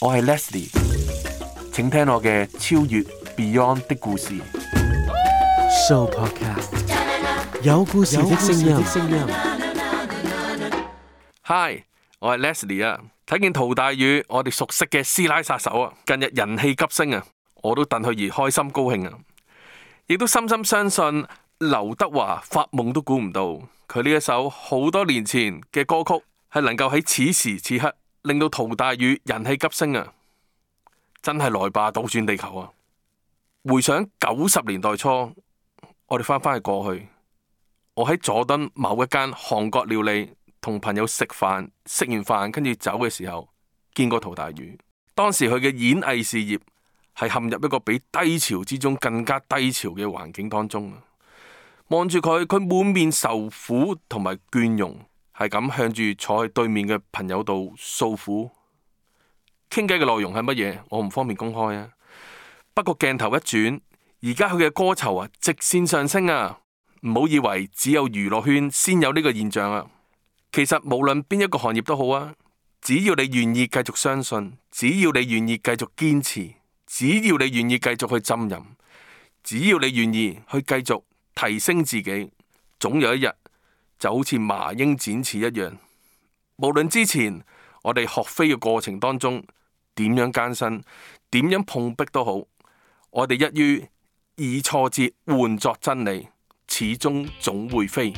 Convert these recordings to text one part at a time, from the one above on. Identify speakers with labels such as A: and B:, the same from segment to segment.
A: 我係 Leslie，請聽我嘅超越 Beyond 的故事。Show podcast 有故事的聲音。Hi，我係 Leslie 啊，睇見陶大宇，我哋熟悉嘅師奶殺手啊，近日人氣急升啊，我都替佢而開心高興啊，亦都深深相信劉德華發夢都估唔到，佢呢一首好多年前嘅歌曲係能夠喺此時此刻。令到陶大宇人氣急升啊！真係來吧倒轉地球啊！回想九十年代初，我哋翻翻去過去，我喺佐敦某一間韓國料理同朋友食飯，食完飯跟住走嘅時候見過陶大宇。當時佢嘅演藝事業係陷入一個比低潮之中更加低潮嘅環境當中啊！望住佢，佢滿面受苦同埋倦容。係咁向住坐喺對面嘅朋友度訴苦，傾偈嘅內容係乜嘢？我唔方便公開啊。不過鏡頭一轉，而家佢嘅歌酬啊，直線上升啊！唔好以為只有娛樂圈先有呢個現象啊。其實無論邊一個行業都好啊，只要你願意繼續相信，只要你願意繼續堅持，只要你願意繼續去浸淫，只要你願意去繼續提升自己，總有一日。就好似麻鷹展翅一樣，無論之前我哋學飛嘅過程當中點樣艱辛，點樣碰壁都好，我哋一於以挫折換作真理，始終總會飛。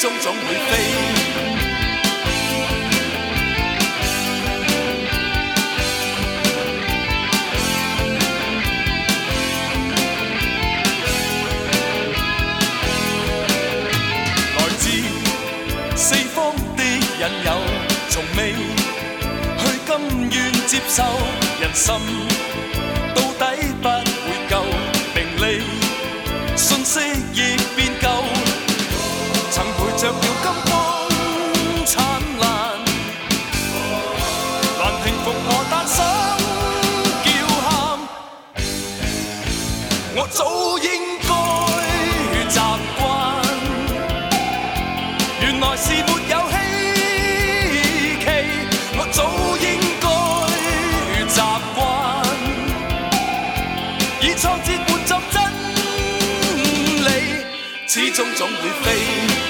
B: 心中總會飛， 來自四方的引誘，從未去甘願接受人心。始終總會飛。